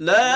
لا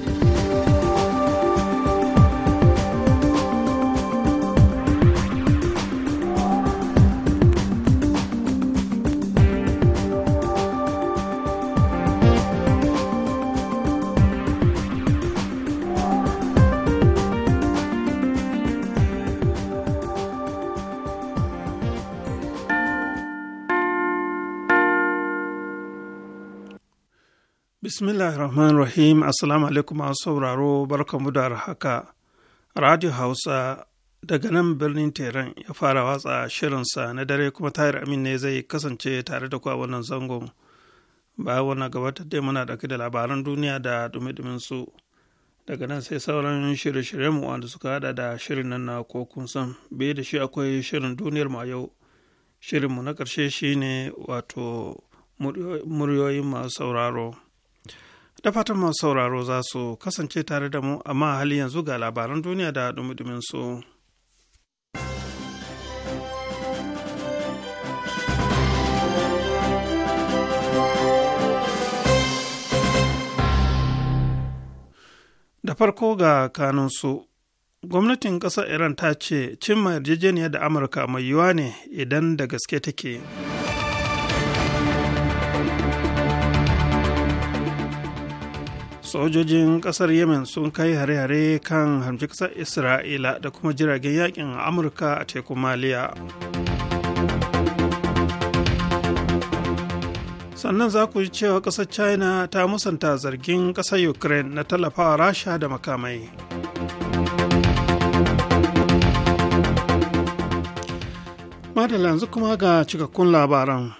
Bismillah rahman rahim Assalamu alaikum masu sauraro barkanmu da haka. Radio Hausa daga nan birnin Teran ya fara watsa shirinsa na dare kuma tayar Amin ne zai kasance tare da ku wannan zangon. Bayan wannan gabatar dai muna ɗauke da labaran duniya da dumi su. Daga nan sai sauran shirye-shiryen mu wanda suka hada da shirin nan na kokun san. Bai da shi akwai shirin duniyar mu a yau. mu na ƙarshe shine wato muryoyin masu sauraro. da fatan masu sauraro za su kasance tare da mu amma hali yanzu ga labaran duniya da dumi su. da farko ga kanunsu gwamnatin ƙasar iran ta ce cimma yarjejeniya da amurka mai yiwuwa ne idan da gaske take. sojojin kasar yemen sun kai hare-hare kan hamci kasar isra'ila da kuma jiragen yakin amurka a tekun maliya sannan za ku ji cewa kasar china ta musanta zargin kasar ukraine na tallafawa rasha da makamai madalla yanzu kuma ga cikakkun labaran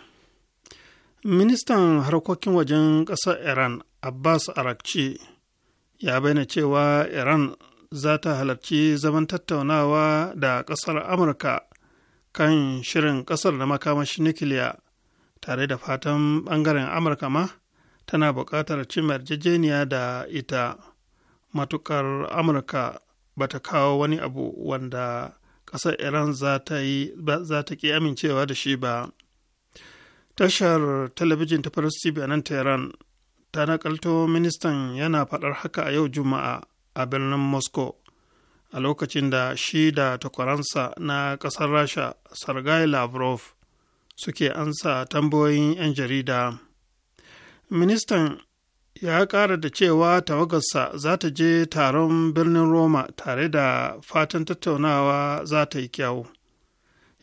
ministan harkokin wajen ƙasar iran abbas arakci ya bayyana cewa iran za ta halarci zaman tattaunawa da ƙasar amurka kan shirin ƙasar da makamashin nukiliya tare da fatan ɓangaren amurka ma tana buƙatar cin yarjejeniya da ita matuƙar amurka ba ta kawo wani abu wanda ƙasar iran za ta ƙi amincewa da shi ba tashar talabijin ta faris tv nan ta nakalto ministan yana faɗar haka a yau juma'a a birnin moscow a lokacin da shi da takwaransa na ƙasar rasha sergei lavrov suke ansa tambayoyin 'yan jarida ministan ya ƙara da cewa tawagarsa za ta je taron birnin roma tare da fatan tattaunawa za ta yi kyau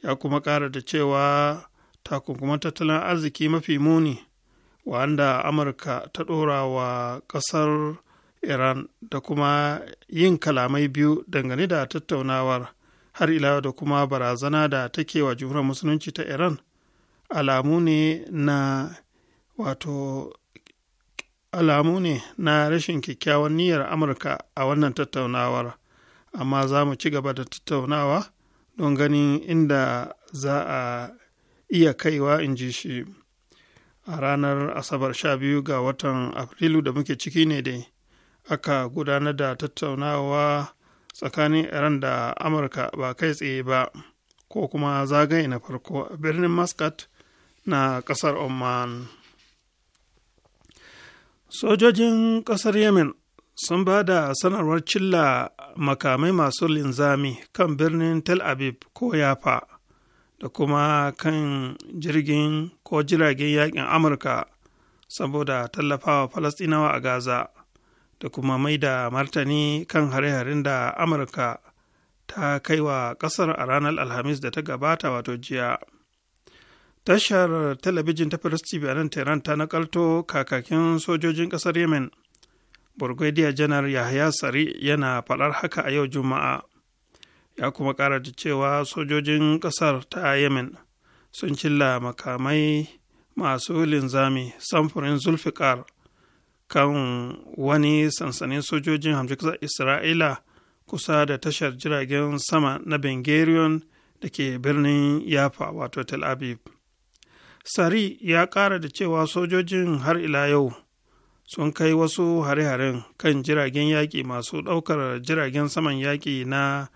ya kuma ƙara da cewa takunkuman tattalin arziki mafi muni wanda amurka ta ɗora wa ƙasar iran da kuma yin kalamai biyu dangane da tattaunawar har ila da kuma barazana da take wa jumhuriyar musulunci ta iran alamu ne na wato alamu ne na rashin kyakkyawan niyyar amurka a wannan tattaunawar amma za mu ci gaba da tattaunawa don ganin inda za a iya kaiwa in ji shi a ranar asabar sha biyu ga watan afrilu da muke ciki ne dai aka gudanar da tattaunawa tsakanin iran da amurka ba kai tsaye ba ko kuma zagaye na farko a birnin muscat na kasar oman sojojin kasar yemen sun ba da sanarwar cilla makamai masu linzami kan birnin tel aviv ko yafa da kuma kan jirgin ko jiragen yakin amurka saboda tallafawa falastinawa a gaza da kuma mai da martani kan hare-haren da amurka ta kai wa kasar a ranar alhamis da ta gabata wato jiya tashar talabijin ta firist tv a nan tehran ta nakalto kakakin sojojin kasar yemen burgundiya janar yahya sari yana faɗar haka a yau juma'a ya kuma ƙara da cewa sojojin ƙasar ta yemen sun cilla makamai masu linzami samfurin zulfikar kan wani sansanin sojojin Kasar isra'ila kusa da tashar jiragen sama na bengariyon da ke birnin yafa wato tel aviv sari ya ƙara da cewa sojojin har ila yau sun kai wasu hare-haren kan jiragen yaƙi masu ɗaukar jiragen saman yaƙi na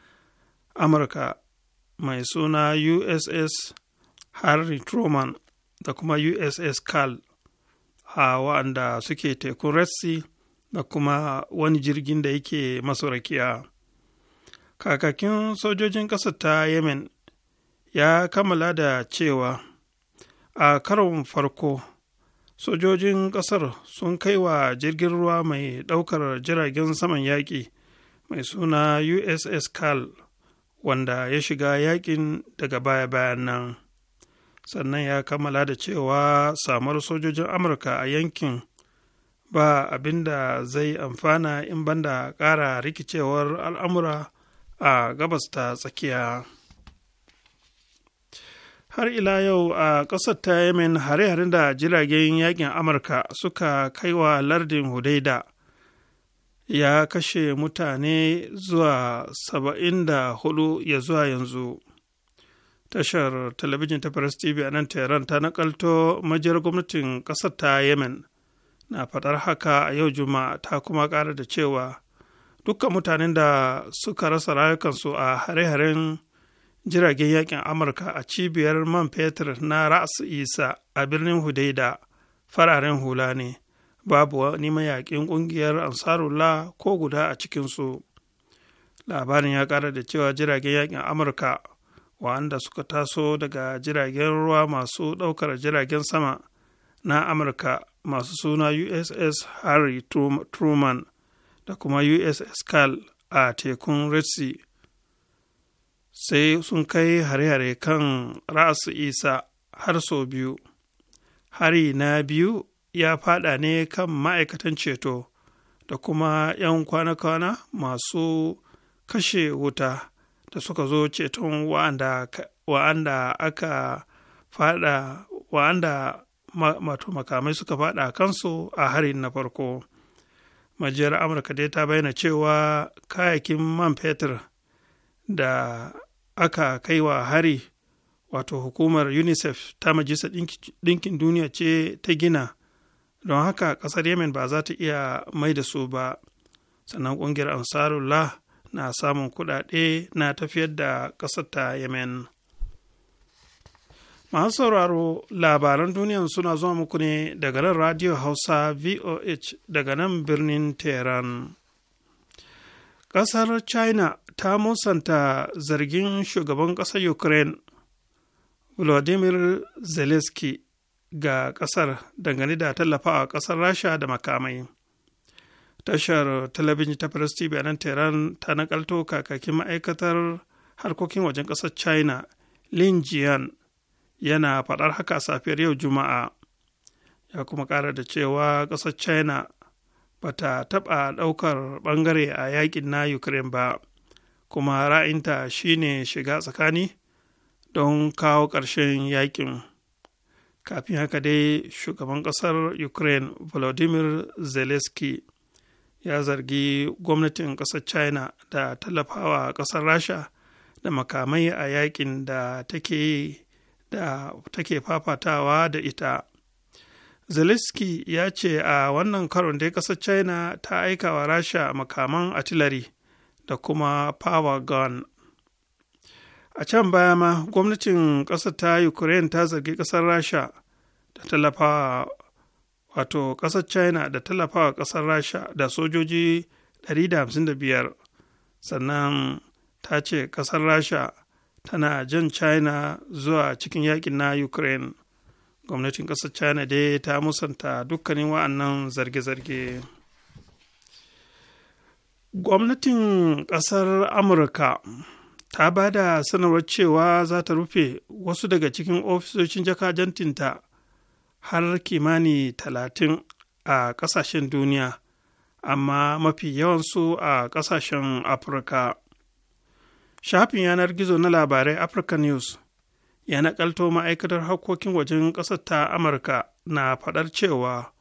amurka mai suna uss harry truman da kuma uss carl a wa'anda suke tekun red da kuma wani jirgin da yake masu rakiya kakakin sojojin ƙasar ta yemen ya kammala da cewa a karon farko sojojin ƙasar sun kai wa jirgin ruwa mai ɗaukar jiragen saman yaƙi mai suna uss carl wanda ya shiga yakin daga baya-bayan nan sannan ya kammala da cewa samar sojojin amurka a yankin ba abinda zai amfana in banda ƙara rikicewar al'amura a gabas ta tsakiya har ila yau a ƙasar ta yemen hare-haren da jiragen yakin amurka suka kaiwa lardin hudaida ya kashe mutane zuwa saba'in da hudu ya zuwa yanzu tashar talabijin ta press tv a nan tehran ta nakalto majiyar gwamnatin ƙasar ta yemen na faɗar haka a yau juma'a ta kuma ƙara da cewa dukkan mutanen da suka rasa rayukansu a hare-haren jiragen yakin amurka a cibiyar man fetur na ra'as isa a birnin hudaida fararen hula ne babu wani mayaƙin ƙungiyar ansarullah ko guda a cikinsu labarin ya kara da cewa jiragen yakin amurka wanda suka taso daga jiragen ruwa masu ɗaukar jiragen sama na amurka masu suna uss harry truman da kuma uss carl a tekun red sai sun kai hare-hare kan ra'asu isa har sau biyu hari na biyu ya faɗa ne kan ma'aikatan ceto da kuma 'yan kwana-kwana masu kashe wuta da suka zo ceton wa'anda aka faɗa wa'anda makamai suka faɗa kansu a harin na farko majiyar amurka dai ta bayyana cewa kayakin man fetur da aka kai wa hari wato hukumar unicef ta majalisar ɗinkin duniya ce ta gina don haka ƙasar yemen ba za ta iya mai da su ba sannan ƙungiyar ansarullah na samun kuɗaɗe na tafiyar da ƙasar ta yemen masu sauraro labaran duniyan suna zuwa muku ne daga nan radio hausa voh daga nan birnin tehran ƙasar china ta musanta zargin shugaban ƙasar ukraine vladimir zelensky ga ƙasar dangane da tallafawa ƙasar rasha da makamai tashar talabijin ta press tv a nan tehran ta nakalto kakakin ma'aikatar harkokin wajen ƙasar china lin jian yana faɗar haka safiyar yau juma'a ya kuma ƙara da cewa ƙasar china ba ta taɓa ɗaukar ɓangare a yaƙin na ukraine ba kuma ra'inta shine shiga tsakani don kawo ƙarshen yaƙin. kafin haka dai shugaban kasar ukraine volodymyr zelensky ya zargi gwamnatin kasar china da tallafawa kasar rasha da makamai a yakin da take da take fafatawa da ita zelensky ya ce a wannan karon dai kasar china ta aika wa rasha makaman artillery da kuma power gun a can baya ma gwamnatin ƙasar ta ukraine ta zargi ƙasar rasha da tallafa wato ƙasar china da tallafawa ƙasar rasha da sojoji 155 sannan ta ce ƙasar rasha tana jan china zuwa cikin yakin na ukraine gwamnatin ƙasar china dai ta musanta dukkanin wa'annan zarge-zarge gwamnatin ƙasar amurka ta ba da sanarwar cewa za ta rufe wasu daga cikin ofisoshin jakajantinta har kimani talatin a ƙasashen duniya amma mafi yawansu a ƙasashen afirka shafin yanar gizo na labarai africa news ya nakalto ma'aikatar harkokin wajen ƙasar ta amurka na faɗar cewa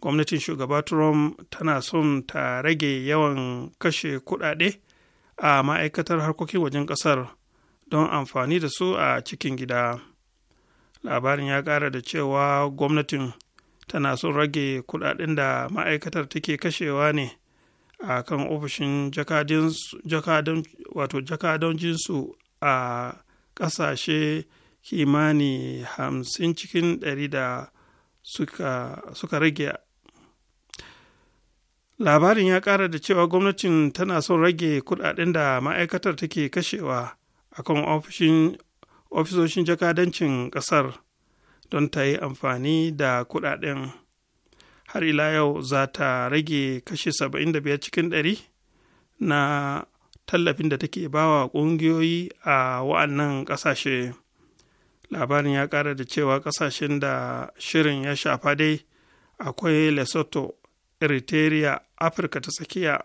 gwamnatin shugaba trump tana son ta rage yawan kashe kuɗaɗe a ma'aikatar harkokin wajen ƙasar don amfani da su a cikin gida labarin ya ƙara da cewa gwamnatin tana son rage kudaden da ma'aikatar take kashewa ne a kan ofishin jakadonjinsu a ƙasashe kimani hamsin cikin ɗari da suka rage labarin ya ƙara da cewa gwamnatin tana son rage kudaden da ma'aikatar take kashewa a kan ofisoshin jakadancin ƙasar don ta yi amfani da kudaden har ila yau za ta rage kashe 75 cikin 100 na tallafin da take bawa ƙungiyoyi a wa'annan ƙasashe labarin ya ƙara da cewa ƙasashen da shirin ya shafa dai akwai lesotho eritrea afirka ta tsakiya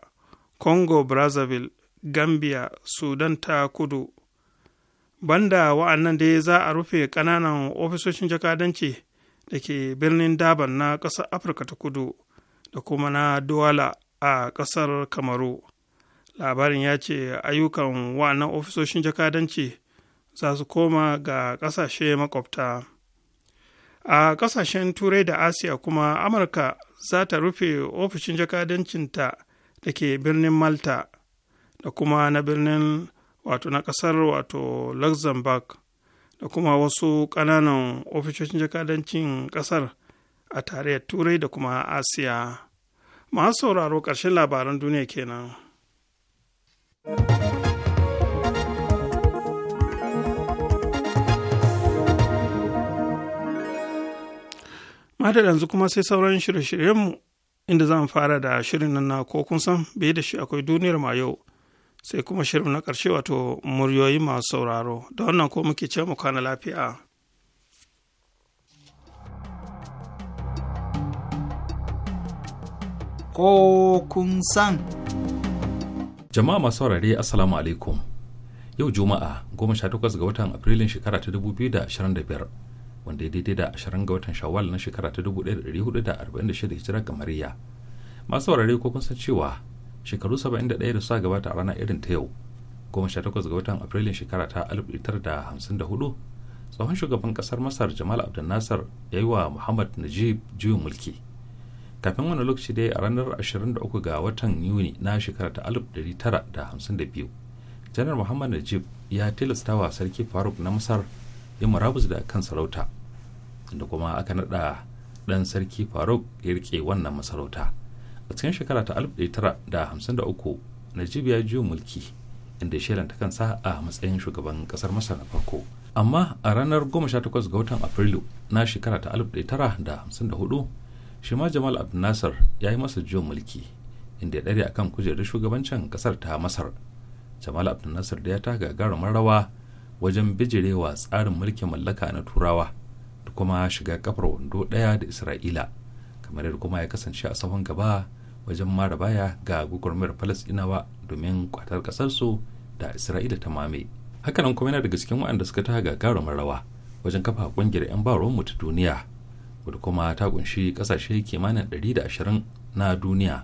congo brazzaville gambia sudan ta kudu banda wa'annan dai za a rufe ƙananan ofisoshin jakadanci da ke birnin daban na ƙasar afirka ta kudu da kuma na duwala a ƙasar kamaru labarin ya ce ayyukan wa'annan ofisoshin jakadanci za su koma ga ƙasashe makwabta. a ƙasashen turai da asiya kuma amurka za ta rufe ofishin jakadancinta da ke birnin malta da kuma na birnin wato na ƙasar wato luxembourg da kuma wasu ƙananan ofishoshin jakadancin ƙasar a tarayyar turai da kuma asiya masu sauraro ƙarshen labaran duniya kenan. Mata yanzu kuma sai sauran shirye-shiryenmu inda zan fara da shirin nan na ko kun san bai da shi akwai duniyar ma yau sai kuma shirin na ƙarshe wato muryoyi masu sauraro da wannan ko muke ce mu kwana lafiya. Ko kun san. Jama'a masu saurare Assalamu alaikum. Yau Juma'a 18 ga watan Afrilun shekara ta 2025 wanda ya daidai da 20 ga watan shawwal na shekara ta 1446 hijira kamariya masu warare ko kun san cewa shekaru 71 da suka gabata a rana irin ta yau 18 ga watan afrilun shekara ta 1954 tsohon shugaban kasar masar jamal abdul nasar ya yi wa muhammad najib juyin mulki kafin wani lokaci dai a ranar 23 ga watan yuni na shekara ta 1952 janar muhammad najib ya tilasta wa sarki faruk na masar ya murabus da kan sarauta da kuma aka naɗa ɗan sarki faruk ya rike wannan masarauta a cikin shekara ta 1953 najib ya juyo mulki inda shelanta kansa a matsayin shugaban kasar masar na farko amma a ranar 18 ga watan afrilu na shekara ta 1954 shi ma jamal abdulnasar ya yi masa juyo mulki inda ya ɗare a kan kujerar shugabancin ƙasar ta masar jamal abdulnasar da ya taka gagarumin rawa wajen bijirewa tsarin mulkin mallaka na turawa da kuma shiga kafar wando ɗaya da isra'ila kamar yadda kuma ya kasance a sahun gaba wajen mara baya ga gugurmiyar falasɗinawa domin kwatar ƙasarsu da isra'ila ta mame hakanan kuma yana daga cikin waɗanda suka ta gagarumin rawa wajen kafa ƙungiyar 'yan mu ta duniya wadda kuma ta kunshi ƙasashe kimanin 120 na duniya.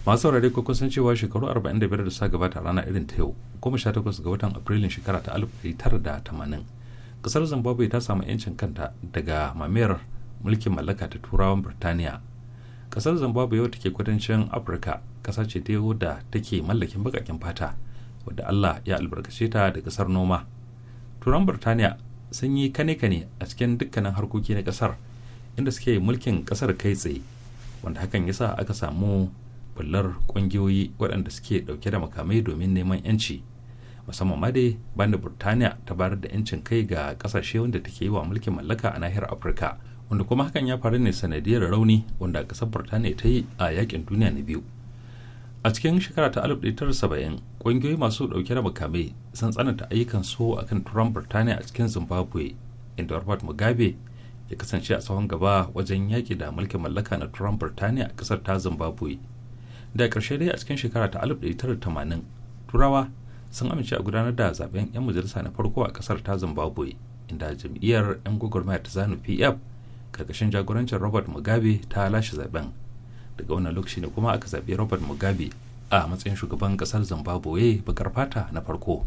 masu saurare ko kusan cewa shekaru 45 da sa gabata a rana irin ta yau goma sha takwas ga watan afrilun shekara ta 1980 kasar zimbabwe ta samu 'yancin kanta daga mamayar mulkin mallaka ta turawan birtaniya kasar zimbabwe yau take kudancin afirka kasa ce ta yau da take mallakin bakakin fata wadda allah ya albarkace ta da kasar noma turan birtaniya sun yi kane-kane a cikin dukkanin harkoki na kasar inda suke mulkin kasar kai tsaye wanda hakan yasa aka samu kullar kungiyoyi waɗanda suke ɗauke da makamai domin neman 'yanci musamman ma dai banda burtaniya ta bayar da 'yancin kai ga ƙasashe wanda take yi wa mulkin mallaka a nahiyar afirka wanda kuma hakan ya faru ne sanadiyar rauni wanda ƙasar burtaniya ta yi a yakin duniya na biyu a cikin shekara ta 1970 ƙungiyoyi masu ɗauke da makamai sun tsananta ayyukan su kan turan burtaniya a cikin zimbabwe inda robert mugabe ya kasance a tsawon gaba wajen yaƙi da mulkin mallaka na turan burtaniya a ƙasar ta zimbabwe da ƙarshe dai a cikin shekara ta 1980 turawa sun amince a gudanar da zaben 'yan majalisa na farko a kasar ta zimbabwe inda jam'iyyar 'yan gwagwarmaya ta zanu pf karkashin jagorancin robert mugabe ta lashe zaben daga wannan lokaci ne kuma aka zaɓi robert mugabe a matsayin shugaban ƙasar zimbabwe bakar fata na farko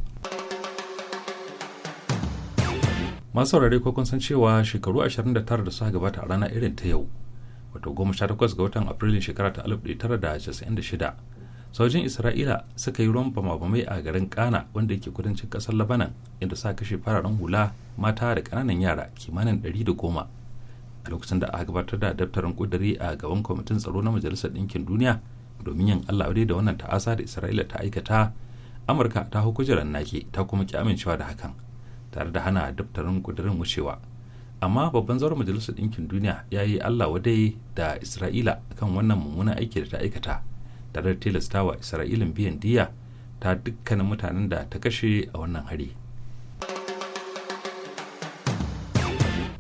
masu saurare ko san cewa shekaru 29 da suka gabata a rana irin ta yau wato goma sha takwas ga watan afrilun shekara ta alif tara da da casa'in shida sojin isra'ila suka yi ruwan bamabamai a garin kana wanda yake kudancin kasar labanan inda sa kashe fararen hula mata da ƙananan yara kimanin da ɗari goma a lokacin da aka gabatar da daftarin kuduri a gaban kwamitin tsaro na majalisar ɗinkin duniya domin yin allah da wannan ta'asa da isra'ila ta aikata amurka ta kujerar nake ta kuma ki amincewa da hakan tare da hana daftarin kudirin wucewa amma babban zauren majalisar ɗinkin duniya ya yi allah wadai da isra'ila kan wannan mummunan aiki da ta aikata tare da tilastawa isra'ilin biyan diya ta dukkanin mutanen da ta kashe a wannan hari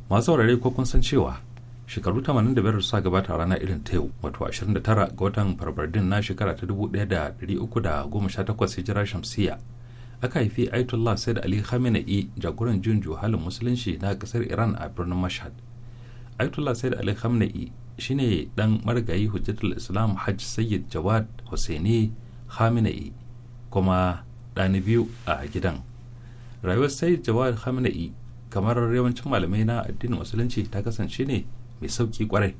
masu saurare ko kun san cewa shekaru 85 sa gabata a rana irin ta yau wato 29 ga watan farbardin na shekara ta 1318 hijira shamsiyya aka haifi Ayatollah Said Ali Khamenei jagoran jin juhalin musulunci na kasar Iran a birnin Mashhad. Ayatollah Said Ali Khamenei shine dan marigayi Hujjatul Islam Hajj Sayyid Jawad Husseini Khamenei kuma ɗani biyu a gidan. Rayuwar Sayyid Jawad Khamenei kamar yawancin malamai na addinin musulunci ta kasance ne mai sauki kwarai.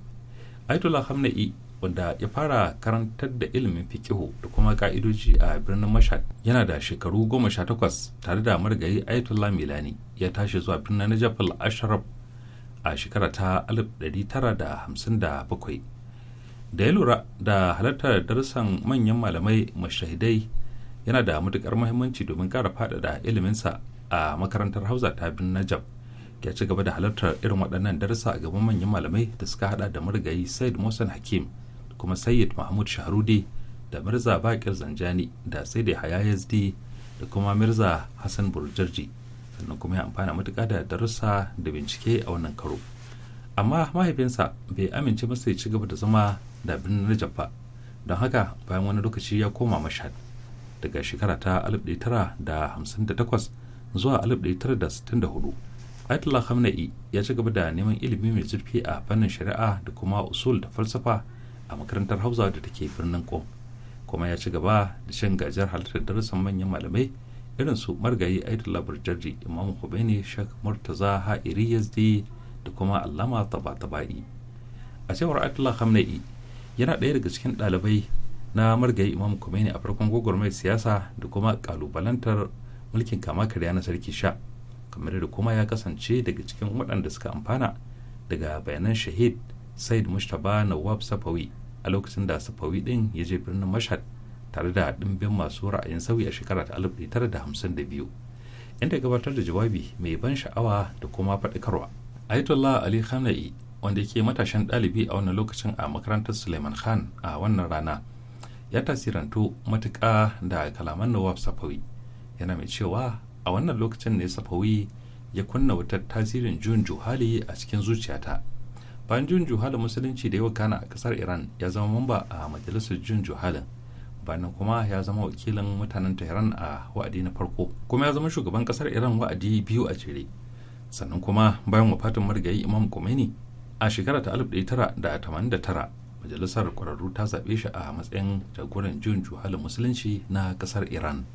Ayatollah Khamenei wanda ya fara karantar da ilimin fikihu da kuma ka'idoji a birnin mashad yana da shekaru goma sha takwas tare da margayi ayatollah milani ya tashi zuwa birnin Najafal al-ashraf a shekara ta 1957 da da ya lura da halartar darussan manyan malamai mashahidai yana da matukar muhimmanci domin kara faɗaɗa iliminsa a makarantar hausa ta birnin najab ya ci gaba da halartar irin waɗannan darussa a gaban manyan malamai da suka hada da marigayi said mohsen hakim kuma sayyid mahmud shahrudi da mirza bakir zanjani da sai da haya yazdi da kuma mirza hassan burjarji sannan kuma ya amfana matuƙa da darussa da bincike a wannan karo amma mahaifinsa bai amince masa ya ci gaba da zama da birnin na ba don haka bayan wani lokaci ya koma mashhad daga shekara ta da 1958 zuwa da hudu Ayatollah Khamenei ya ci gaba da neman ilimi mai zurfi a fannin shari'a da kuma usul da falsafa a makarantar hausa da take birnin kom kuma ya ci gaba da shan gajiyar halittar darussan manyan malamai irin su margayi aidul burjardi imam khomeini shek murtaza ha'iri yazdi da kuma allama taba-taba'i a cewar aidullah khamenei yana ɗaya daga cikin ɗalibai na margayi imam khomeini a farkon mai siyasa da kuma kalubalantar mulkin kama karya na sarki sha kamar da kuma ya kasance daga cikin waɗanda suka amfana daga bayanan shahid said mustapha nawab safawi a lokacin da safawi din ya je birnin mashhad tare da ɗimbin masu ra'ayin sauyi a shekara ta 1952 inda gabatar da jawabi mai ban sha'awa da kuma faɗakarwa ayatollah ali khamenei wanda ke matashin ɗalibi a wannan lokacin a makarantar suleiman khan a wannan rana ya tasirantu matuƙa da kalaman nawab safawi yana mai cewa a wannan lokacin ne safawi ya kunna wutar tasirin jun juhali a cikin zuciyata bayan jun juhalin musulunci da yau kana a kasar iran ya zama mamba a majalisar jun juhalin bayan kuma ya zama wakilin mutanen tehran a wa'adi na farko kuma ya zama shugaban kasar iran wa'adi biyu a jere sannan kuma bayan wafatin marigayi imam khomeini a shekara ta tara, majalisar kwararru ta zaɓe shi a matsayin jagoran jun juhalin musulunci na kasar iran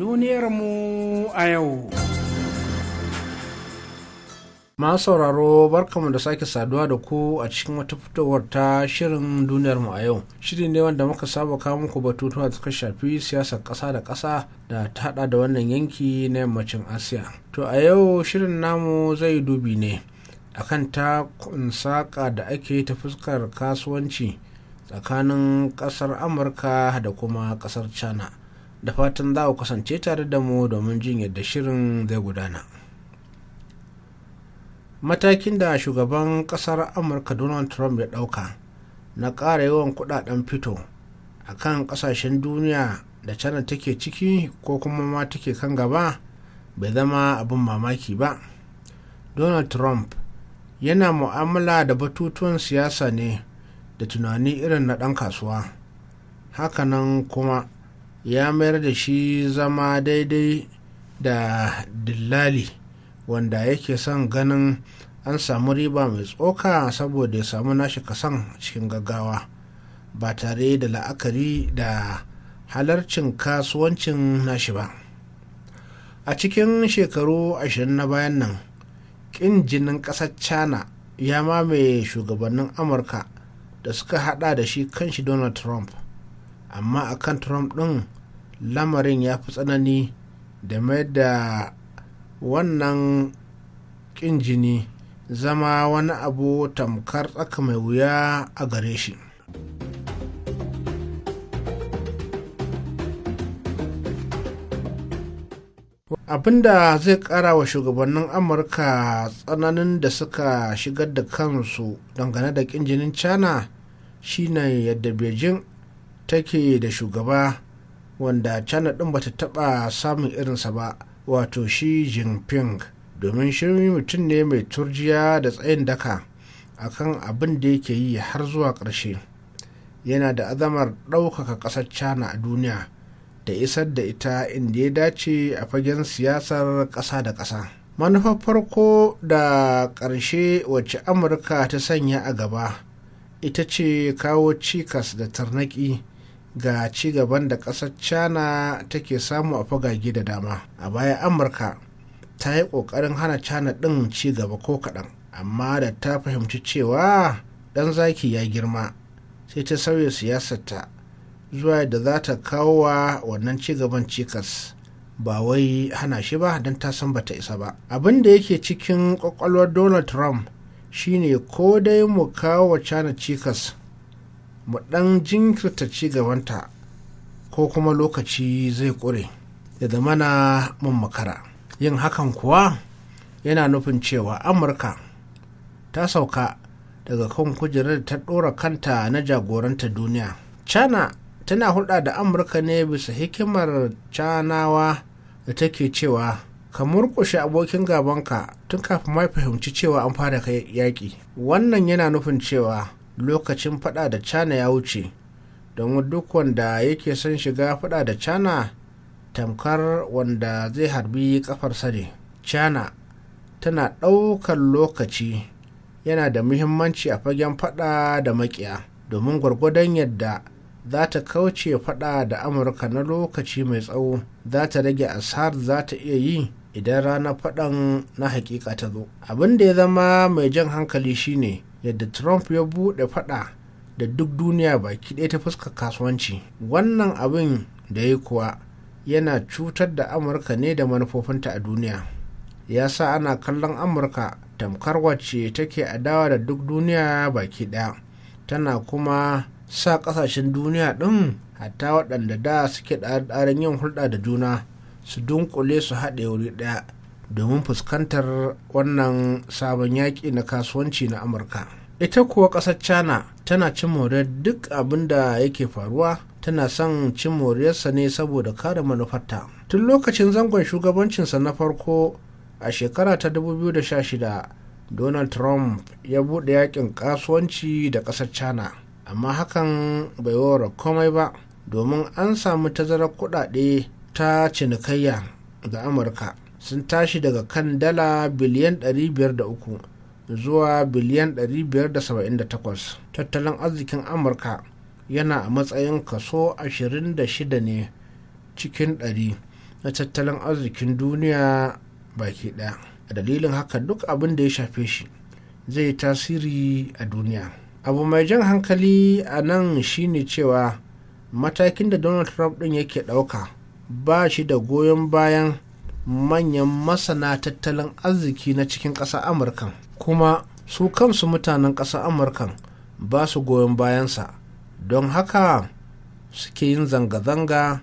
duniyarmu a yau. Masu sauraro barkamu da sake saduwa da ku a cikin wata fitowar ta shirin duniyarmu a yau. Shiri ne wanda muka saba kawo muku batutuwa da suka shafi siyasar ƙasa da ƙasa da ta hada da wannan yanki na yammacin Asiya. To a yau shirin namu zai dubi ne akan ta saƙa da ake ta fuskar kasuwanci tsakanin ƙasar Amurka da kuma ƙasar China. da fatan za a kasance tare da mu domin jin yadda shirin zai gudana matakin da shugaban kasar amurka donald trump ya dauka na ƙara yawan kudaden fito a kan ƙasashen duniya da canar take ciki ko kuma ma take kan gaba bai zama abin mamaki ba donald trump yana mu'amala da batutuwan siyasa ne da tunani irin na ɗan kasuwa hakanan kuma ya mayar da shi zama daidai da dillali wanda yake son ganin an samu riba mai tsoka saboda ya samu nashi kasan cikin gaggawa ba tare da la'akari da halarcin kasuwancin nashi ba a cikin shekaru ashirin na bayan nan ƙinjinin jinin ƙasar china ya mamaye shugabannin amurka da suka hada da shi kanshi donald trump amma a kan trump ɗin lamarin ya fi tsanani da mai da wannan ƙin jini zama wani abu tamkar tsaka mai wuya a gare shi da zai kara wa shugabannin amurka tsananin da suka shigar da kansu dangane da kin jinin china shine yadda beijing take da shugaba wanda china ɗin bata taɓa samun irinsa ba wato shi jinping domin shi mutum ne mai turjiya da tsayin daka akan abin da yake yi har zuwa ƙarshe yana da azamar ɗaukaka ƙasar china a duniya da isar da ita inda ya dace a fagen siyasar ƙasa da ƙasa manufar farko da ƙarshe wacce amurka ta sanya a gaba ita ce kawo cikas da tarnaki. ga ci gaban da ƙasar china take samu a fagage da dama a baya amurka ta yi ƙoƙarin hana china ɗin ci gaba ko kaɗan amma da ta fahimci cewa ɗan zaki ya girma sai ta sauya siyasarta zuwa da za ta kawo wa wannan ci gaban cikas ba wai hana shi ba don ta san bata isa ba abin da yake cikin ƙwaƙwalwar donald trump shine ko dai mu kawo wa china cikas mu ɗan jinkirta gabanta ko kuma lokaci zai ƙure da zamana mun makara yin hakan kuwa yana nufin cewa amurka ta sauka daga kan kujerar ta ɗora kanta na jagoranta duniya china tana hulɗa da amurka ne bisa hikimar canawa da take cewa ka murƙushi abokin gabanka tun kafin mai fahimci cewa an fara yaƙi wannan yana nufin cewa lokacin fada da cana ya wuce domin duk wanda yake son shiga fada da cana tamkar wanda zai harbi kafar ne cana tana ɗaukar lokaci yana da muhimmanci a fagen fada da makiya domin gwargwadon yadda za ta kauce fada da amurka na lokaci mai tsawo za ta rage asar za ta iya yi idan ranar fadan na hakika ta zo abin da ya zama mai jan hankali shine yadda trump ya buɗe fada da duk duniya baki ɗaya ta fuska kasuwanci wannan abin da ya kuwa yana cutar da amurka ne da manufofinta a duniya ya sa ana kallon amurka tamkar wacce take adawa da duk duniya baki ɗaya tana kuma sa ƙasashen duniya ɗin hatta waɗanda da suke ɗarin yin hulɗa da juna su dunkule su haɗe wuri ɗaya domin fuskantar wannan sabon yaƙi na kasuwanci na amurka ita kuwa ƙasar china tana cin more duk abin da yake faruwa tana son cin moriyarsa ne saboda kare manufarta tun lokacin zangon shugabancinsa na farko a shekara ta 2016 donald trump ya buɗe yakin kasuwanci da ƙasar china amma hakan bai wara komai ba domin an samu tazarar kuɗaɗe ta cinikayya ga amurka sun tashi daga kan dala biliyan 503 zuwa biliyan 578 tattalin arzikin amurka yana a matsayin kaso 26 ne cikin 100 na tattalin arzikin duniya baki daya a dalilin haka duk abin da ya shafe shi zai yi tasiri a duniya abu mai jan hankali a nan shine cewa matakin da donald trump din yake dauka ba shi da goyon bayan manyan masana tattalin arziki na cikin ƙasa amurkan kuma su kansu mutanen ƙasa amurkan ba su goyon bayansa don haka suke yin zanga-zanga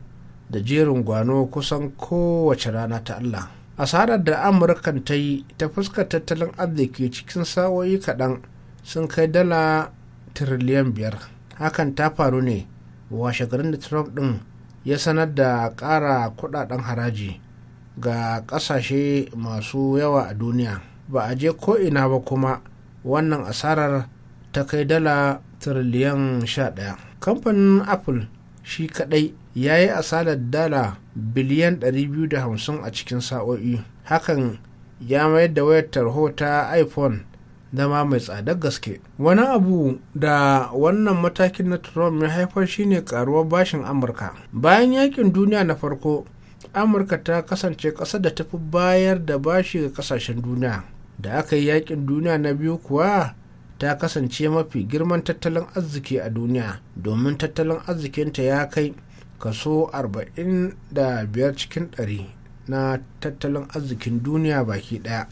da jerin gwano kusan kowace rana ta allah asarar da amurkan ta yi ta fuskar tattalin arziki cikin sa'o'i kaɗan sun kai dala tiriliyan biyar hakan ta faru ne washe garin da trump ɗin ya sanar da ƙara kuɗaɗen haraji ga ƙasashe masu yawa a duniya ba a je ko'ina ba kuma wannan asarar ta kai dala tiriliyan 11 kamfanin apple shi kadai ya yi asarar dala biliyan 250 a cikin sa'o'i hakan ya mayar da wayar tarho ta iphone zama mai tsadar gaske wani abu da wannan matakin na trump ya haifar shine karuwar bashin amurka bayan yakin duniya na farko amurka ta kasance ƙasar da tafi bayar da bashi ga kasashen duniya da aka yi yakin duniya na biyu kuwa ta kasance mafi girman tattalin arziki a duniya domin tattalin arzikinta ya kai kaso 45 cikin 100 na tattalin arzikin duniya baki daya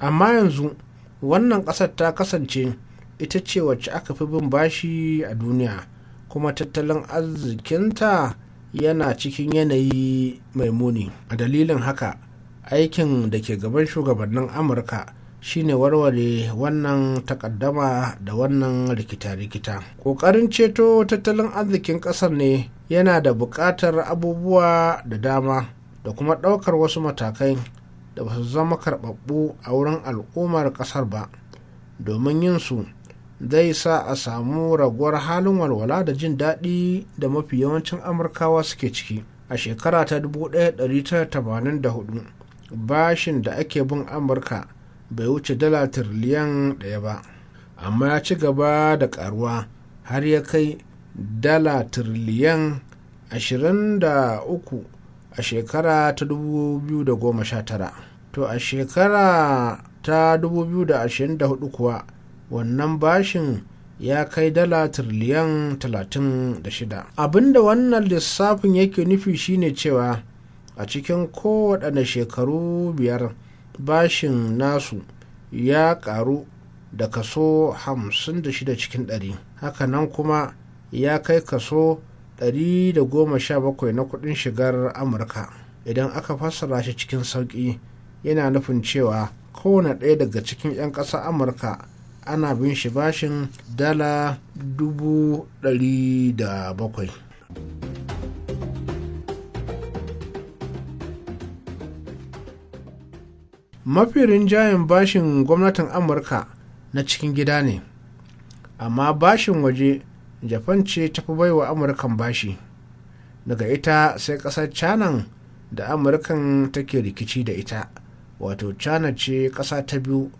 amma yanzu wannan ƙasar ta kasance ita ce wacce aka fi bin bashi a duniya kuma tattalin arzikinta yana cikin yanayi mai muni a dalilin haka aikin da ke gaban shugabannin amurka shine warware wannan takaddama da wannan rikita-rikita ƙoƙarin ceto tattalin arzikin ƙasar ne yana da buƙatar abubuwa da dama da kuma ɗaukar wasu matakai da ba su zama karɓaɓɓu a wurin al'ummar ƙasar ba domin yin su zai sa a samu raguwar halin walwala da jin daɗi da mafi yawancin amurkawa suke ciki a shekara ta 1984 bashin da ake bin amurka bai wuce dala tiriliyan ɗaya ba amma ya ci gaba da ƙaruwa, har ya kai dala tiriliyan 23 a shekara ta 2019 to a shekara ta 2024 kuwa wannan bashin ya kai dala tiriliyan 36 abinda wannan lissafin yake nufi shine cewa a cikin kowaɗanne shekaru biyar bashin nasu ya ƙaru da kaso 56 cikin 100 hakanan kuma ya kai kaso 117 na kuɗin shigar amurka idan aka fassara shi cikin sauƙi yana nufin cewa kowane ɗaya daga cikin 'yan ƙasa amurka ana bin shi bashin dala dubu ɗari da bakwai mafi rinjayen bashin gwamnatin amurka na cikin gida ne amma bashin waje japan ce ta fi baiwa amurkan bashi daga ita sai kasar canan da amurkan take rikici da ita wato cana ce kasa ta biyu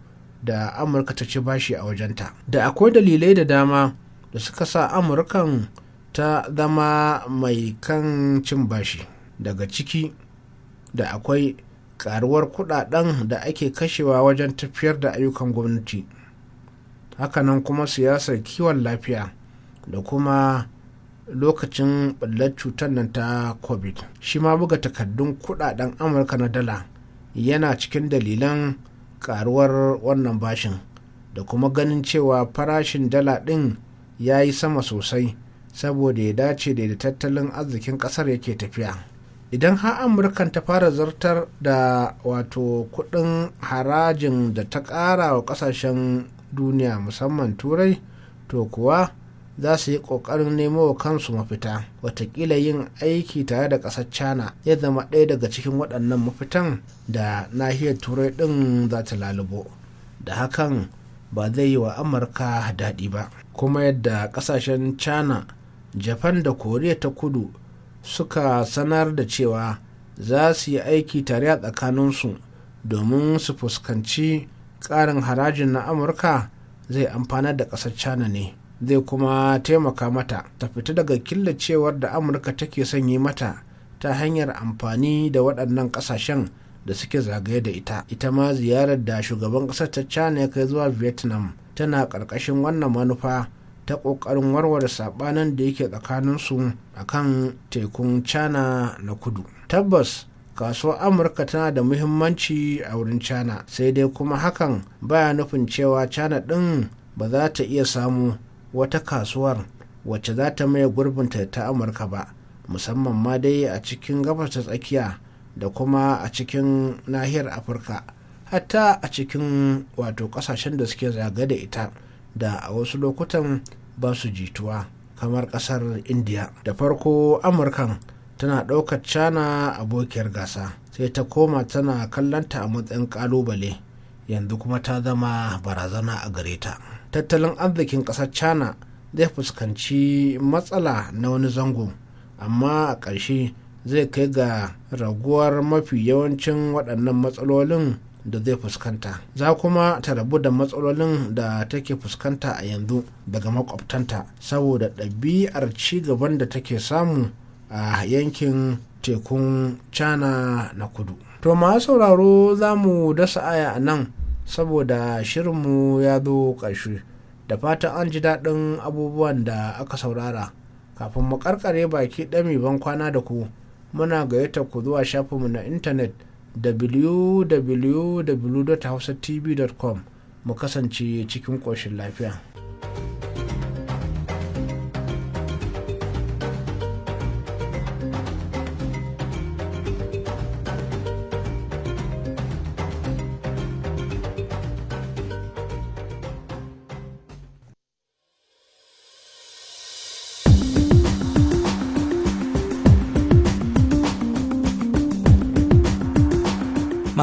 da amurka ta ci bashi a wajenta da akwai dalilai da dama da suka sa amurkan ta zama mai kan cin bashi daga ciki da akwai karuwar kudaden da ake kashewa wajen tafiyar da ayyukan gwamnati hakanan kuma siyasar kiwon lafiya da kuma lokacin ɓullar cutar nan ta covid shi ma buga takardun kudaden amurka na dala yana cikin dalilan karuwar wannan bashin da kuma ganin cewa farashin dala ɗin ya yi sama sosai saboda ya dace da tattalin arzikin ƙasar yake tafiya idan har amurkan ta fara zartar da wato kuɗin harajin da ta ƙara wa ƙasashen duniya musamman turai to kuwa za su yi ƙoƙarin nemo wa kansu mafita watakila yin aiki tare da ƙasar china ya zama ɗaya daga cikin waɗannan mafitan da nahiyar turai ɗin za ta lalubo da hakan ba zai yi wa amurka daɗi ba kuma yadda ƙasashen china japan da koriya ta kudu suka sanar da cewa za su yi aiki tare a tsakaninsu domin su fuskanci ƙarin harajin na amurka zai amfanar da ƙasar china ne zai kuma taimaka mata ta fita daga killacewar da amurka take son yi mata ta hanyar amfani da waɗannan ƙasashen da suke zagaye da ita ita ma ziyarar da shugaban ƙasar ta china ya kai zuwa vietnam tana ƙarƙashin wannan manufa ta ƙoƙarin warware saɓanin da yake tsakaninsu a kan tekun china na kudu tabbas kasuwar amurka tana da muhimmanci a wurin china sai dai kuma hakan baya nufin cewa china ɗin ba za ta iya samu wata kasuwar wacce za ta maye gurbinta ta amurka ba musamman ma dai a cikin gabas ta tsakiya da kuma a cikin nahiyar afirka hatta a cikin wato kasashen da suke zaga da ita da a wasu lokutan ba su jituwa kamar kasar Indiya. da farko amurkan tana ɗaukar cana abokiyar gasa sai ta koma tana kallanta a matsayin ƙalubale yanzu kuma ta zama barazana a gare ta. tattalin arzikin ƙasar china zai fuskanci matsala na wani zango amma a ƙarshe zai kai ga raguwar mafi yawancin waɗannan matsalolin da zai fuskanta za kuma ta rabu da matsalolin da take fuskanta a yanzu daga makwabtanta saboda ɗabi'ar ci gaban da take samu a yankin tekun china na kudu to masu sauraro za mu dasa aya a nan saboda shirinmu ya zo ƙarshe da fatan an ji daɗin abubuwan da aka saurara kafin mu karkare baki ɗami ban kwana da ku muna gayyata ku zuwa shafinmu na intanet www.hausatv.com mu kasance cikin ƙoshin lafiya.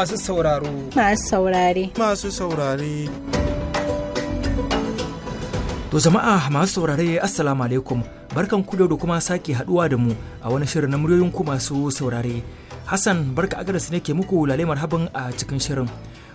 masu sauraro. Masu saurare. Masu saurare. To jama'a masu saurare assalamu alaikum barkan ku da kuma sake haduwa da mu a wani shirin na muryoyin ku masu saurare. Hassan barka su ne ke muku lale marhaban a cikin shirin.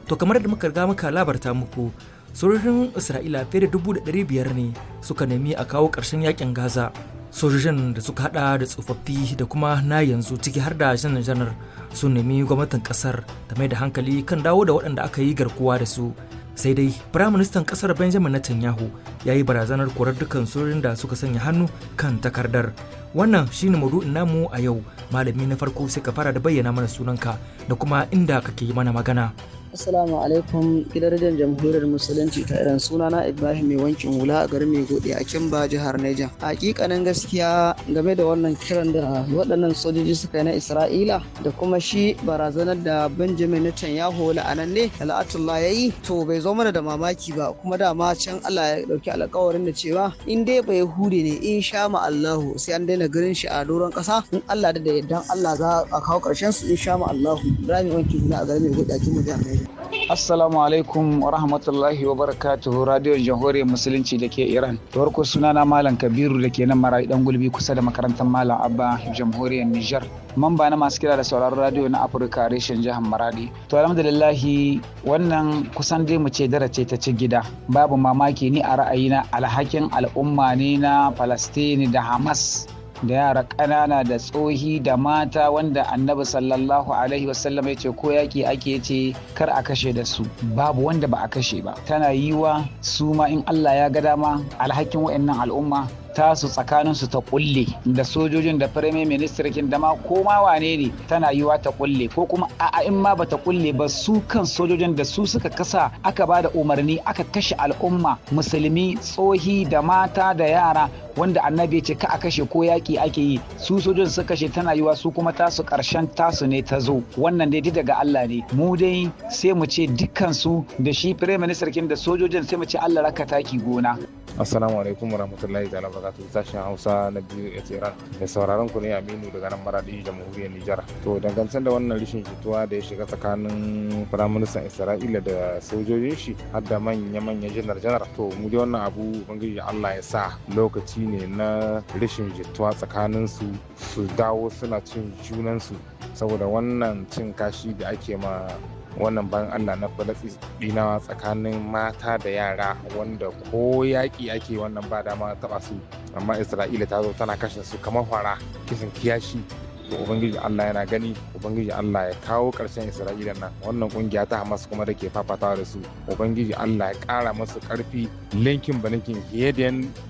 To kamar da muka riga muka labarta muku sojojin Isra'ila fiye da dubu da ɗari biyar ne suka nemi a kawo ƙarshen yakin Gaza sojojin da suka hada da tsofaffi da kuma na yanzu ciki har da janar janar sun nemi gwamnatin kasar ta mai da hankali kan dawo da waɗanda aka yi garkuwa da su sai dai firaministan kasar benjamin netanyahu ya yi barazanar korar dukkan sojojin da suka sanya hannu kan takardar wannan shine maudu'in namu a yau malami na farko sai ka fara da bayyana mana sunanka da kuma inda kake yi mana magana Assalamu alaikum gidan rajin jamhuriyar musulunci ta irin sunana Ibrahim mai wankin hula a garin mai a Kimba jihar Niger. Hakikanin gaskiya game da wannan kiran da waɗannan sojoji suka yi na Isra'ila da kuma shi barazanar da Benjamin Netanyahu la'anan ne La'atullah ya yi to bai zo mana da mamaki ba kuma dama can Allah ya dauki alƙawarin da cewa in dai bai hude ne in sha ma Allahu sai an daina garin shi a doron ƙasa in Allah da yaddan Allah za a kawo ƙarshen su in sha ma Allahu. Rami wankin hula a garin a Kimba jihar Niger. Assalamu alaikum wa rahmatullahi wa barakatuhu radiyon Jamhuriyar Musulunci da ke Iran. Farko sunana Malam Kabiru da ke nan marayi dan gulbi kusa da makarantar Malam Abba Jamhuriyar Nijar. Mamba na masu kira da sauraron radiyo na Afirka reshen jihar Maradi. To alhamdulillahi wannan kusan dai mu ce darace ta ci gida. Babu mamaki ni a ra'ayina alhakin al'umma ne na Falastini da Hamas da yara ƙanana da tsohi da mata wanda annabi sallallahu alaihi wasallam ya ce ko yaƙi ake ce kar a kashe da su babu wanda ba a kashe ba tana yiwa su ma in Allah ya ga dama alhakin wa'annan al'umma tasu tsakaninsu ta kulle da sojojin da firayim ministirkin da ma koma wane ne tana yiwa ta kulle ko kuma a'a in ma bata kulle ba su kan sojojin da su suka kasa aka ba da umarni aka kashe al'umma musulmi tsohi da mata da yara wanda annabi ce ka a kashe ko yaki ake yi su sojojin suka kashe tana yiwa su kuma tasu karshen tasu ne ta zo wannan dai daga Allah ne mu dai sai mu ce dukkan su da shi firayim kin da sojojin sai mu ce Allah raka taki gona assalamu alaikum warahmatullahi ta'ala wato sashen Hausa na biyu a tseren Mai sauraron ku ne Aminu daga nan Maradi Jamhuriyar Nijar. To dangantan da wannan rishin jituwa da ya shiga tsakanin Firaministan Isra'ila da sojojin shi har da manya-manya janar-janar. To mu dai wannan abu bangiji Allah ya sa lokaci ne na rishin jituwa tsakanin su su dawo suna cin junansu saboda wannan cin kashi da ake ma wannan bayan allah na falasɗinawa tsakanin mata da yara wanda ko yaƙi ake wannan ba dama taɓa su amma isra'ila ta zo tana kashe su kamar fara kisan kiyashi to ubangiji Allah yana gani ubangiji Allah ya kawo ƙarshen Isra'ila nan wannan kungiya ta Hamas kuma da ke fafatawa da su ubangiji Allah ya ƙara masu ƙarfi linkin ba linkin da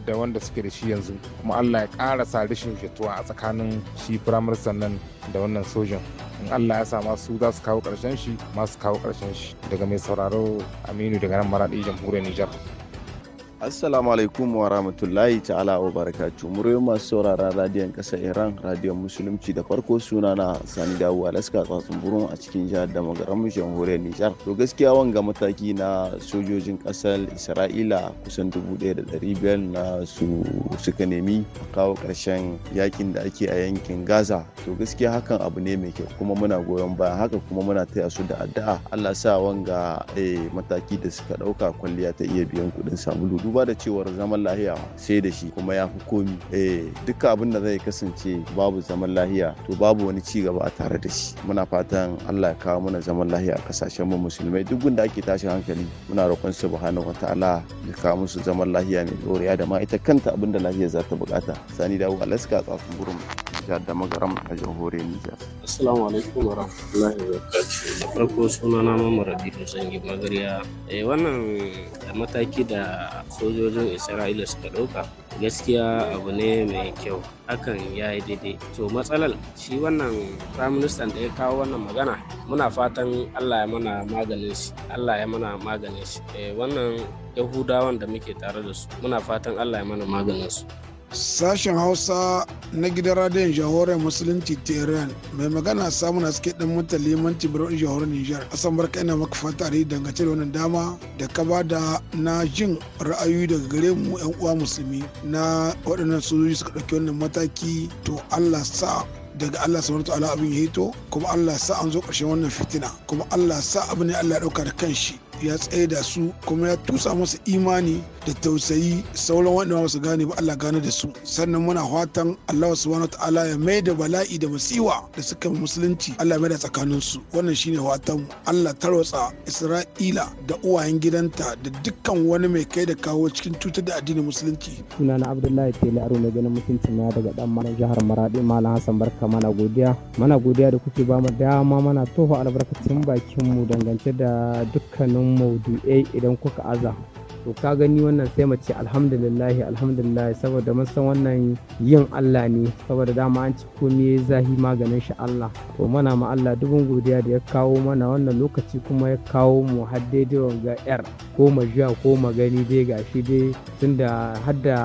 da wanda suke da shi yanzu kuma Allah ya ƙara sa rashin fituwa a tsakanin shi firamar nan da wannan sojan in Allah ya sa masu za su kawo karshen shi masu kawo karshen shi daga mai sauraro Aminu daga nan maraɗi jamhuriyar Nijar. Assalamu alaikum wa rahmatullahi ta'ala wa barakatuh. Muryoyin masu sauraron radiyon ƙasar Iran, radiyon Musulunci da farko suna na Sani Dawo Alaska tsatsun burin a cikin jihar da magaramin jamhuriyar Nijar. To gaskiya wanga mataki na sojojin ƙasar Isra'ila kusan dubu ɗaya na su suka nemi a kawo ƙarshen yakin da ake a yankin Gaza. To gaskiya hakan abu ne mai kyau kuma muna goyon baya haka kuma muna taya su da addu'a. Allah sa wanga eh, mataki da suka ɗauka kwalliya ta iya biyan kuɗin sabulu duba da cewar zaman lahiya sai da shi kuma ya fi komi eh duka abin da zai kasance babu zaman lahiya to babu wani ci gaba a tare da shi muna fatan Allah ya kawo mana zaman lahiya a kasashen mu musulmai duk gunda ake tashin hankali muna roƙon subhanahu wataala ya kawo musu zaman lahiya mai doriya da ma ita kanta abin da lahiya za ta bukata sani dawo alaska tsafin gurin jihar da magaram a jamhuriyar Nijar. Assalamu alaikum wa rahmatullahi wa barakatuhu. farko suna na mamara Magariya. Eh, wannan eh, mataki da sojojin isra'ila suka ɗauka gaskiya abu ne mai kyau hakan ya yi daidai to matsalar shi wannan firaministan da ya kawo wannan magana muna fatan allah ya mana maganin shi allah ya mana maganin shi eh, wannan yahudawan da muke tare da su muna fatan allah ya mana maganin su Sashen Hausa na gidan radiyon jahorar Musulunci Tehran mai magana samu na suke dan mata limanci birnin jahorar Nijar. Asan barka ina maka fata da dangace da wannan dama da ka ba da na jin ra'ayoyi daga gare mu yan uwa musulmi na waɗannan sojoji suka ɗauki wannan mataki to Allah sa daga Allah subhanahu ta'ala abin ya hito kuma Allah sa an zo ƙarshen wannan fitina kuma Allah sa abu ne Allah ya ɗauka da kanshi ya tsaye da su kuma ya tusa musu imani da tausayi sauran waɗanda ba su gane ba Allah gane da su sannan muna fatan Allah subhanahu wataala ya mai da bala'i da masiwa da suka musulunci Allah mai da tsakanin su wannan shine watan Allah tarwatsa Isra'ila da uwayen gidanta da dukkan wani mai kai da kawo cikin cutar da addinin musulunci sunana Abdullahi Tele Aro na ganin mutunci na daga dan mana jihar Maradi Malam Hassan barka mana godiya mana godiya da kuke ba mu dama mana toho albarkacin bakin mu dangance da dukkanin maudu'ai idan kuka aza to ka gani wannan sai mace alhamdulillahi alhamdulillah saboda mun san wannan yin Allah ne saboda dama an ci komai zahi maganin shi Allah to muna ma Allah dubin godiya da ya kawo mana wannan lokaci kuma ya kawo mu har daidai wanga yar ko majiya ko magani dai gashi dai tunda har da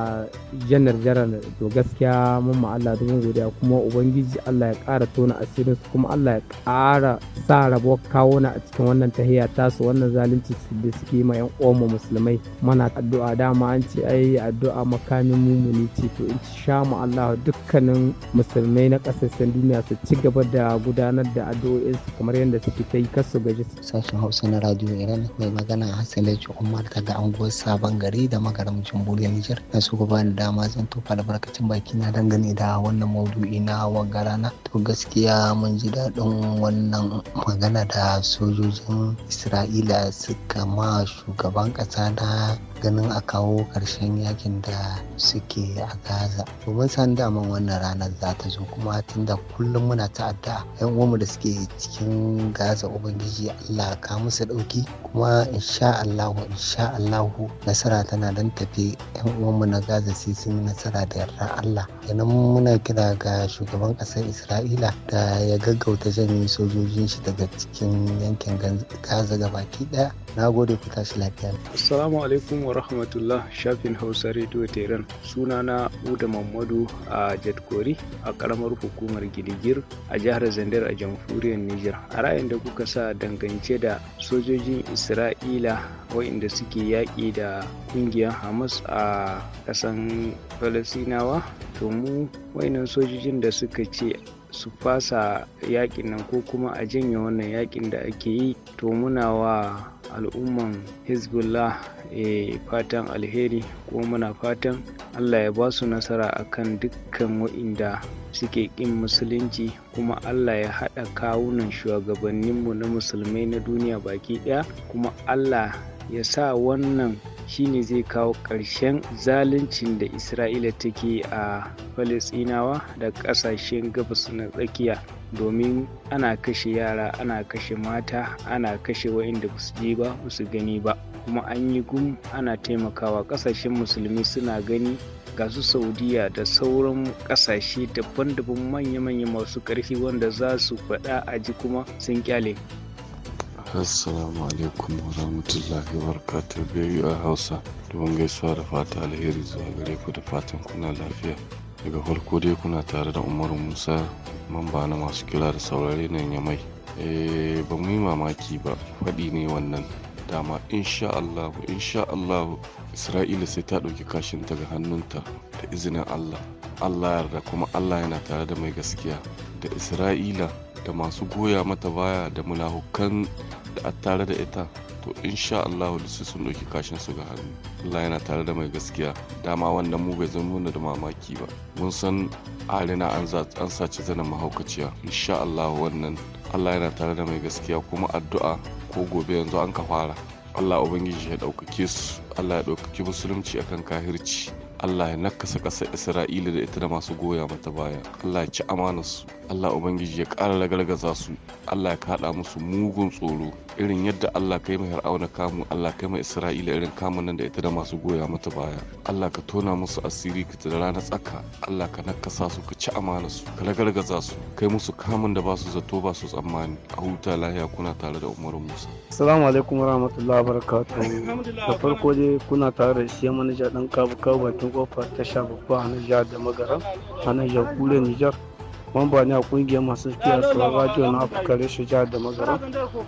janar jaran to gaskiya mun ma Allah dubin godiya kuma ubangiji Allah ya ƙara tona asirin su kuma Allah ya ƙara sa rabo kawo na a cikin wannan tahiya tasu wannan zalunci da suke ma yan uwan musulmai Mana addu'a dama an ce ai addu'a makamin mumuni ce to in sha mu Allah dukkanin musulmai na kasashen duniya su ci gaba da gudanar da addu'o'in su kamar yadda suke ta yi kasu gaji sashen Hausa na radio Iran mai magana Hassan Laji Umar ga unguwar Sabon Gari da magaram Jamhuriyar Nijar na su ba dama zan tofa albarkacin baki na dangane da wannan maudu'i na wagarana to gaskiya mun ji daɗin wannan magana da sojojin Isra'ila suka ma shugaban ƙasa na Dadah. ganin a kawo ƙarshen yakin da suke a gaza to mun san daman wannan ranar za ta zo kuma tunda kullum muna ta'adda yan uwanmu da suke cikin gaza ubangiji allah ka musu ɗauki kuma insha allahu insha allahu nasara tana dan tafi yan uwanmu na gaza sai sun yi nasara da yarda allah yanan muna kira ga shugaban ƙasar isra'ila da ya gaggauta janye sojojin shi daga cikin yankin gaza gabaki ɗaya na gode ku tashi lafiya assalamu alaikum rahmatullah shafin hausa radio teran suna na uda mamadu a jadkori a karamar hukumar giligir a jihar zandar a jamhuriyar niger a ra'ayin da kuka sa dangance da sojojin isra'ila waɗanda suke yaƙi da ƙungiyar hamas a ƙasan falasinawa to mu wainan sojojin da suka ce su fasa yaƙin nan ko kuma a janye wannan yaƙin da ake yi to muna wa al'umman hezbollah eh, fatan alheri kuma muna fatan allah ya ba su nasara akan dukkan wa'inda suke ƙin musulunci kuma allah ya haɗa kawunan shugabanninmu na musulmai na duniya baki ɗaya kuma allah ya sa wannan shine zai kawo ƙarshen zaluncin da isra'ila take a falisinawa da ƙasashen gabas na tsakiya domin ana kashe yara ana kashe mata ana kashe wa'inda ba su je ba su gani ba kuma an yi gum ana taimakawa ƙasashen musulmi suna gani ga su saudiya da sauran ƙasashe daban-daban manya-manya masu ƙarfi wanda za su faɗa a ji kuma sun kyale Assalamu alaikum wa rahmatullahi wa barakatuh yi a Hausa. Duban gaisuwa da fata alheri zuwa gare ku da fatan kuna lafiya. Daga farko dai kuna tare da Umaru Musa mamba na masu kira da saurari nan ya mai. Eh ba mu yi mamaki ba faɗi ne wannan dama insha Allah insha Allah Isra'ila sai ta ɗauki kashin daga hannunta da izinin Allah. Allah yarda kuma Allah yana tare da mai gaskiya da Isra'ila da masu goya mata baya da munafukan da a tare da ita to insha Allah sai sun ɗauki kashin su ga hannu Allah yana tare da mai gaskiya dama wannan mu bai zama nuna da mamaki ba mun san na an sace zanen mahaukaciya insha Allah wannan Allah yana tare da mai gaskiya kuma addu'a ko gobe yanzu an ka fara Allah Ubangiji ya daukake su Allah ya ɗaukaki musulunci akan kahirci Allah ya nakasa ƙasar Isra'ila da ita da masu goya mata baya Allah ya ci amanarsu Allah ubangiji ya ƙara ragargaza su Allah ya kaɗa musu mugun tsoro irin yadda Allah kai mai har'auna kamu Allah kai mai Isra'ila irin kamun nan da ita da masu goya mata baya Allah ka tona musu asiri ka da rana tsaka Allah ka nakasa su ka ci amanarsu ka ragargaza su kai musu kamun da ba su zato ba su tsammani a huta lahiya kuna tare da Umaru Musa Assalamu alaikum warahmatullahi wabarakatuh da farko dai kuna tare da shi manaja dan kabu kabu bakin bakin ta tasha babba a nan jihar da magaran a nan yankure nijar mamba ne a kungiyar masu kiya tsoron radio na afirka reshe jihar da magara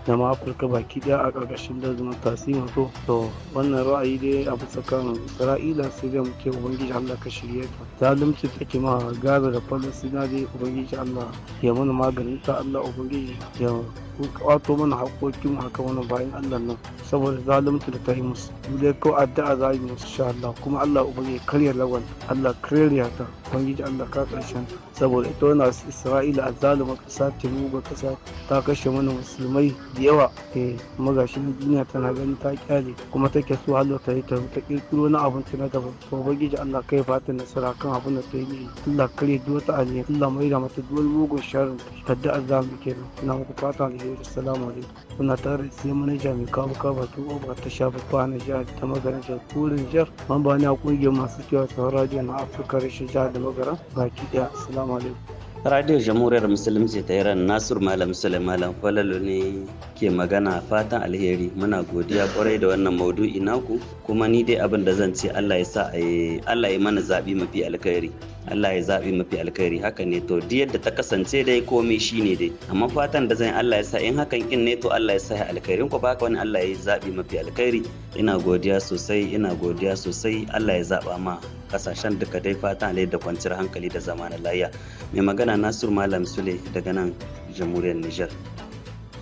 da ma afirka baki daya a ƙarƙashin dazumin tasi to to wannan ra'ayi dai a bisa kan isra'ila sai dai muke ubangiji allah ka shirya ta zalunci take ma gaza da falasina dai ubangiji allah ya mana maganin ta allah ubangiji ya ku kawato mana haƙoƙin haka wani bayan Allah nan saboda zalunci da ta yi musu dole ko addu'a za yi musu insha Allah kuma Allah ubangi karya lawan Allah karya ta ubangiji Allah ka karshen saboda ita wannan Isra'ila azzaluma ƙasa ta ruba ƙasa ta kashe mana musulmai da yawa eh magashin duniya tana ganin ta kyale kuma take so Allah ta yi ta kirkiro na abin ta na daban to ubangiji Allah kai fatan nasara kan abin da ta yi Allah kare duk wata Allah mai da mata duk wani mugun sharin ta da azzaluma kenan ina fata ne alheri salamu alaikum suna tare sai manaja mai kawo kawo ta oba ta shafa kwanan jihar ta magana jihar turin jihar mamba ne a kungiyar masu kiwa ta radiyo na afirka rashin jihar da magana baki daya salamu alaikum Radio Jamhuriyar Musulunci ta Iran Nasir Malam Malam Falalu ne ke magana fatan alheri muna godiya kwarai da wannan maudu'i naku kuma ni dai abin da zan ce Allah ya sa Allah ya mana zaɓi mafi alkhairi Allah ya zaɓi mafi alkhairi haka ne to duk yadda ta kasance dai komai shi ne dai amma fatan da zan Allah ya sa in hakan in ne to Allah ya sa ya alkhairin ku baka wani Allah ya zaɓi mafi alkhairi ina godiya sosai ina godiya sosai Allah ya zaɓa ma kasashen duka dai fatan alai da kwanciyar hankali da zamanin lafiya mai magana Nasir Malam Sule daga nan jamhuriyar Nijar.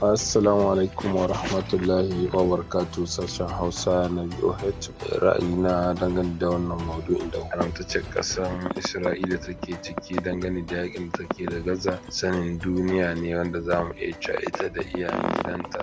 Assalamu alaikum wa rahmatullahi wa barakatuh sashen Hausa na Ra'ayi ra'ayina dangane da wannan maudu'in da haramtaccen ƙasar Isra'ila take ciki dangane da yakin da take da Gaza sanin duniya ne wanda za mu iya cewa ita da iyayen gidanta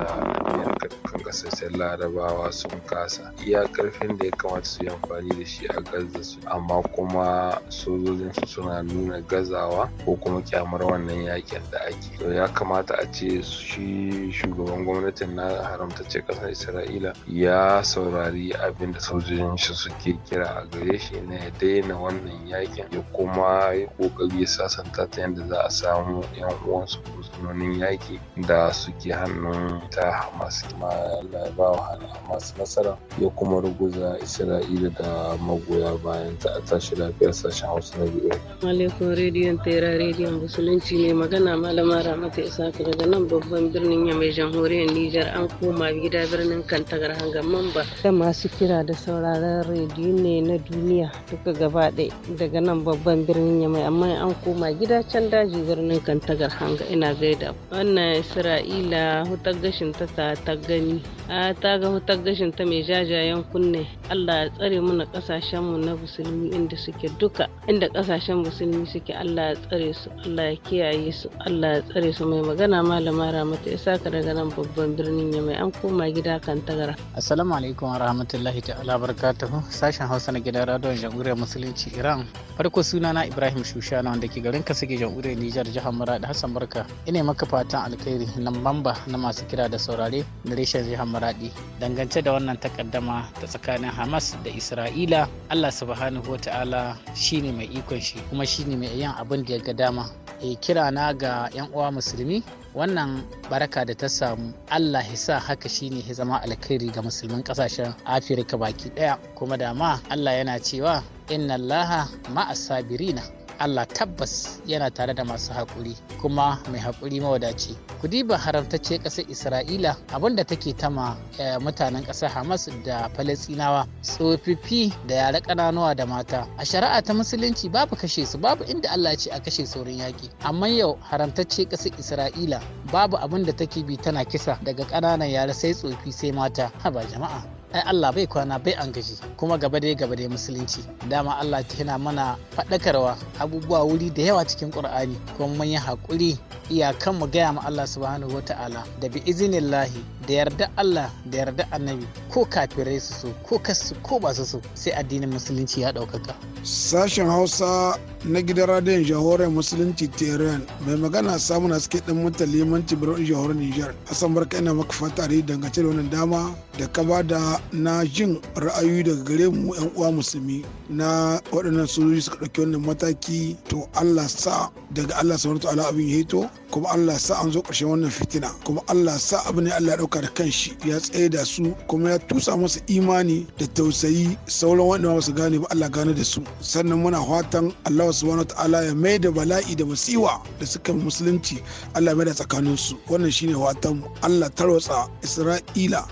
biyar kan ƙasashen larabawa sun kasa iya ƙarfin da ya kamata su yi amfani da shi a Gaza su amma kuma sojojin su suna nuna gazawa ko kuma kyamar wannan yakin da ake to ya kamata a ce shi shugaban gwamnatin na haramtacce ƙasar isra'ila ya saurari abin da sojojin shi suke kira a gare shi na ya daina wannan yakin ya kuma yi ƙoƙari ya sasanta ta yadda za a samu yan uwansu fursunonin yaki da suke hannun ta hamas kuma ya ba wa hamas nasara ya kuma ruguza isra'ila da magoya bayan ta a tashi lafiyar sashen hausa na biyu. alaikum rediyon tera rediyon musulunci ne magana malama ramata isa daga nan babban birnin birnin mai jamhuriyar Nijar an koma gida birnin Kantagar hanga mamba. Da masu kira da sauraron rediyo ne na duniya duka gaba ɗaya daga nan babban birnin yamai amma an koma gida can daji birnin Kantagar hanga ina gaida. Wannan Isra'ila hutar gashin ta ta gani. A ta ga hutar gashin ta mai jajayen kunne. Allah ya tsare mana kasashen mu na musulmi inda suke duka inda kasashen musulmi suke Allah ya tsare su Allah ya kiyaye su Allah ya tsare su mai magana malama Ramatu isaka daga nan babban birnin mai an koma gida kan tagara assalamu alaikum rahmatullahi ta alabarkata sashen hausa na gidan radon jamhuriyar musulunci iran farko suna na ibrahim shushana wanda ke garin kasage jamhuriyar nijar jihar murad hassan barka ina maka fatan alkhairi na mamba na masu kira da saurare na reshen jihar Muradi. dangance da wannan takaddama ta tsakanin hamas da isra'ila allah subhanahu wa ta'ala shine mai ikon shi kuma shine mai yin abin da ya ga dama e eh, kira na ga 'yan uwa musulmi wannan baraka da ta samu allah hisa haka shine ya zama alkhairi ga musulman kasashen afirka baki daya kuma dama allah yana cewa inna allaha ma'asabirina Allah tabbas yana tare da masu haƙuri kuma mai haƙuri mawadaci. Ku diba haramtacce ƙasar Isra'ila abinda take tama eh, mutanen ƙasar Hamas da Falasinawa tsofaffi da yara ƙananuwa da mata. A shari'a ta musulunci babu kashe su babu inda Allah ce a kashe saurin yaƙi. Amma yau haramtacce ƙasar Isra'ila babu abin da take bi tana kisa daga ƙananan yara sai tsofi sai mata. Haba jama'a. ai Allah bai kwana bai an gaji kuma gaba dai gaba dai musulunci dama Allah yana mana faɗakarwa abubuwa wuri da yawa cikin Qur'ani kuma mun yi haƙuri iyakan mu gaya ma Allah subhanahu wata'ala da bi izinillahi da yarda Allah da yarda annabi ko kafirai su so ko kasu ko ba su so sai addinin musulunci ya ɗaukaka. Sashen Hausa na gidan radiyon jahoren musulunci Tehran mai magana samun suke dan mutan limanci birnin jahoren Nijar. Hassan barka ina maka fatari dangance da wannan dama da ka ba da na jin ra'ayoyi daga gare mu 'yan uwa musulmi na waɗannan sojoji suka ɗauki wannan mataki to Allah sa daga Allah subhanahu ta'ala abin ya hito kuma Allah sa an zo ƙarshen wannan fitina kuma Allah sa abin ne Allah ya ɗauka da kanshi ya tsaye da su kuma ya tusa masu imani da tausayi sauran waɗanda ba su gane ba Allah gane da su sannan muna fatan Allah subhanahu ta'ala ya mai da bala'i da masiwa da suka musulunci Allah mai da tsakaninsu wannan shine fatan Allah tarwatsa Isra'ila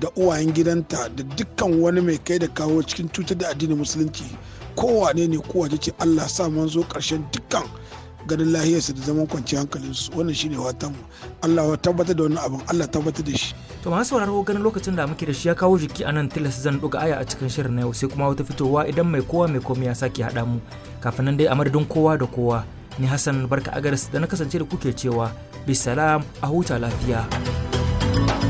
da uwayen gidanta da dukkan wani mai kai da kawo cikin cutar da addinin musulunci kowane ne kowa ce allah sa zo karshen dukkan ganin lahiyarsa da zaman kwanciyar hankalinsu wannan shine watan Allah wa tabbatar da wannan abin Allah tabbatar da shi to masu sauraro ganin lokacin da muke da shi ya kawo jiki anan tilas zan duga aya a cikin shirin na yau sai kuma wata fitowa idan mai kowa mai komai ya sake haɗa mu kafin nan dai a madadin kowa da kowa ni Hassan barka agaris da na kasance da kuke cewa bisalam a huta lafiya thank you